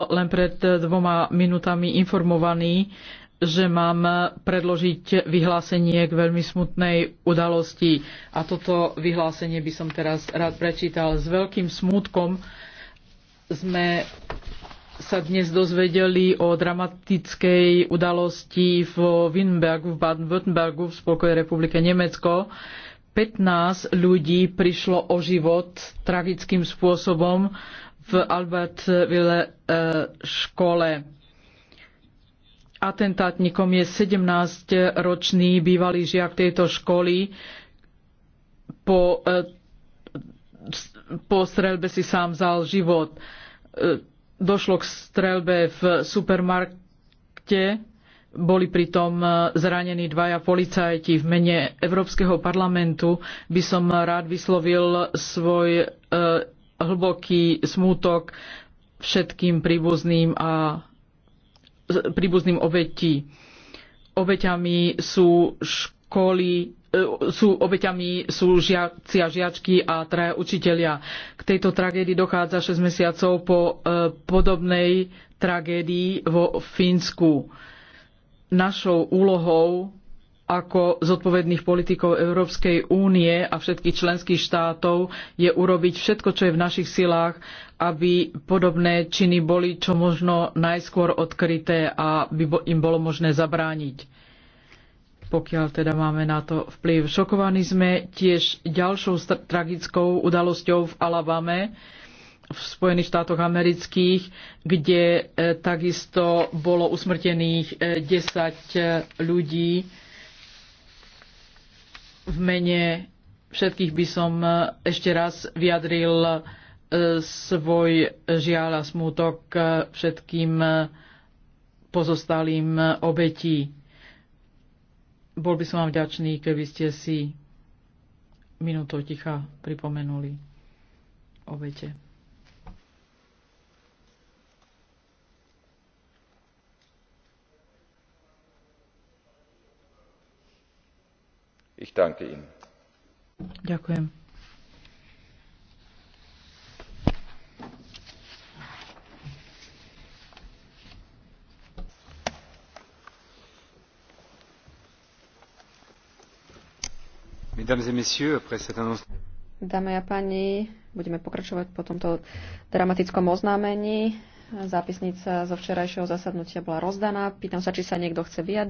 len pred e, dvoma minutami informovaný, že mám predložiť vyhlásenie k veľmi smutnej udalosti. A toto vyhlásenie by som teraz rád prečítal. S veľkým smutkom sme sa dnes dozvedeli o dramatickej udalosti v Wittenbergu, v Baden-Württembergu v Spolkovej republike Nemecko, 15 ľudí prišlo o život tragickým spôsobom v Albertville e, škole. Atentátnikom je 17-ročný bývalý žiak tejto školy. Po, e, po streľbe si sám vzal život. E, došlo k strelbe v supermarkete boli pritom e, zranení dvaja policajti. V mene Európskeho parlamentu by som rád vyslovil svoj e, hlboký smútok všetkým príbuzným a príbuzným obetí. Obeťami sú školy, e, sú obeťami sú žiaci a žiačky a traja učitelia. K tejto tragédii dochádza 6 mesiacov po podobnej tragédii vo Fínsku našou úlohou ako zodpovedných politikov Európskej únie a všetkých členských štátov je urobiť všetko, čo je v našich silách, aby podobné činy boli čo možno najskôr odkryté a by im bolo možné zabrániť. Pokiaľ teda máme na to vplyv. Šokovaní sme tiež ďalšou tragickou udalosťou v Alabame, v Spojených štátoch amerických, kde e, takisto bolo usmrtených 10 e, e, ľudí. V mene všetkých by som ešte raz vyjadril svoj žiaľ a smútok všetkým pozostalým obetí. Bol by som vám vďačný, keby ste si minútou ticha pripomenuli obete. Ich danke Ihnen. Ďakujem. Dámy a páni, budeme pokračovať po tomto dramatickom oznámení. Zápisnica zo včerajšieho zasadnutia bola rozdaná. Pýtam sa, či sa niekto chce vyjadriť.